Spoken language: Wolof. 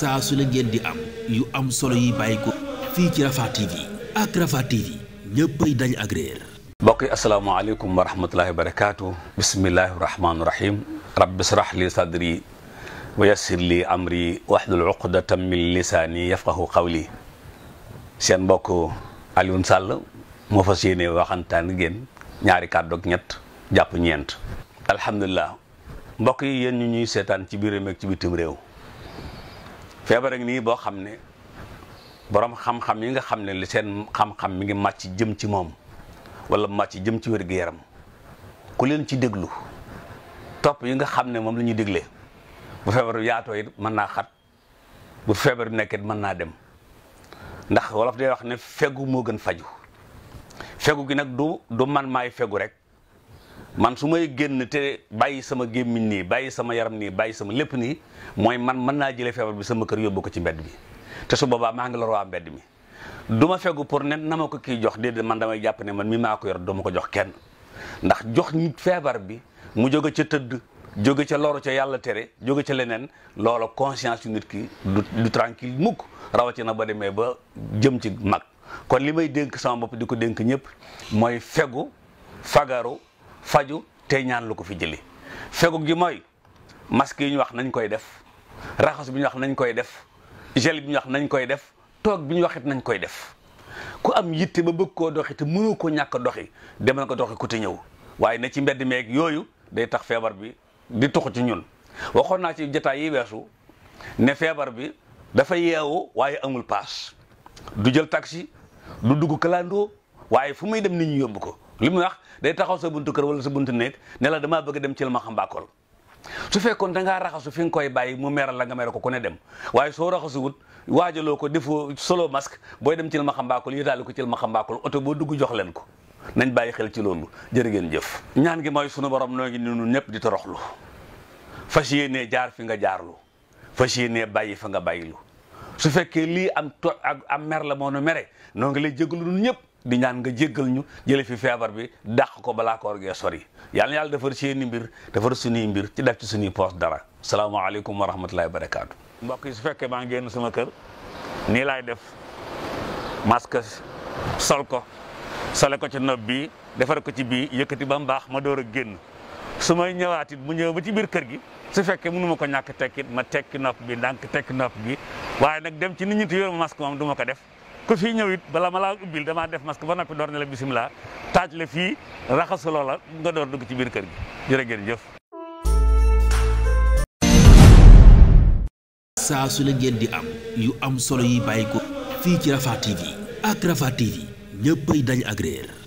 saa su ne ngeen di am yu am solo yi bàyyi ko fii ci Rafah TV ak Rafah dañ ak réer mbokk yi asalaamaaleykum wa rahmatullahi wa barakaatu bismillahi rahmaani rahim rabbi srah li sadri wa yassir li amri wahlul uqdatan min lisaani yafqahu qawli seen mbokk Alioune moo fas yéene waxantaan ngeen ñaari kàddu ak ñett jàpp ñeent alhamdulilah mbokk yi yéen ñu ñuy seetaan ci biir réew mi ci bitim réew feebar ak boo xam ne borom xam-xam yi nga xam ne li seen xam-xam mi ngi màcc jëm ci moom wala màcc jëm ci wér-gu-yaram ku leen ci déglu topp yi nga xam ne moom la ñuy déglee bu feebar yaato yaatoo it mën naa xat bu feebar bi nekk it mën naa dem ndax wolof day wax ne fegu moo gën faju fegu gi nag du du man maay fegu rek man su may génn te bàyyi sama gémmiñ nii bàyyi sama yaram nii bàyyi sama lépp nii mooy man mën naa jëlee feebar bi sama kër yóbbu ko ci mbedd mi te su boobaa maa ngi lor waa mbedd mi du ma fegu pour nen na ma ko kii jox déedéet man damay jàpp ne man mii maa ko yor du ma ko jox kenn ndax jox nit feebar bi mu jóge ca tëdd jóge ca loru ca yàlla tere jóge ca leneen loola conscience yu nit ki du du tranquille mukk rawatina ba demee ba jëm ci mag kon li may dénk sama bopp di ko dénk ñëpp mooy fegu fagaru faju tey ñaan lu ko fi jëli fegug gi mooy masque yi ñu wax nañ koy def raxas bi ñu wax nañ koy def gel bi ñu wax nañ koy def toog bi ñu waxit nañ koy def ku am yitte ba bëgg koo doxi te mënu ko ñàkk doxi demal ko doxi ku te ñëw waaye ne ci mbedd meeg yooyu day tax feebar bi di tuxu ci ñun waxoon naa ci jotaay yi weesu ne feebar bi dafa yeewu waaye amul paas du jël taxi du dugg kalandoo waaye fu muy dem nit ñu yomb ko li muy wax day taxaw sa buntu kër wala sa buntu néeg ne la damaa bëgg dem ci la ma xam mbaakool su fekkoon dangaa raxasu fi nga koy bàyyi mu meeral la nga mere ko ku ne dem waaye soo raxasuwut waajaloo ko defoo solo masque booy dem ci la ma xam mbaakool ko ci la ma boo dugg jox leen ko nañ bàyyi xel ci loolu jërë ngeen jëf ñaan gi mooy sunu borom noo ngi ni ñun ñëpp di toroxlu fas yéenee jaar fi nga jaarlu fas yéenee bàyyi fa nga bàyyilu su fekkee lii am to ak am mer la moo nu mere noo ngi lay jégalu ñun ñëpp di ñaan nga jéggal ñu jële fi feebar bi dàq ko balaa koor gee sori yàlla na yàlla defar seeni mbir defar suñuy mbir ci def ci suñuy poos dara salaamaaleykum wa rahmatullahi wa barakaatu mbokk yi su fekkee maa génn sama kër nii laay def masque sol ko sole ko ci nopp bi defar ko ci bii yëkkati ba mu baax ma door a génn su may ñëwaat it mu ba ci biir kër gi su fekkee mënu ma ko ñàkk tekkit ma tekki nopp bi ndànk tekki nopp bi waaye nag dem ci nit ñi ma masque moom du ko def ku fi ñëw it bala ma laa ubbil damaa def masque ba noppi door ne la bisimilah taaj la fii raxasuloo la nga door dugg ci biir kër gi jërë ngeen jëf. saa su la ngeen di am yu am solo yi bàyyi ko fii ci Rafah TV ak Rafah TV ñëppay dañ agréer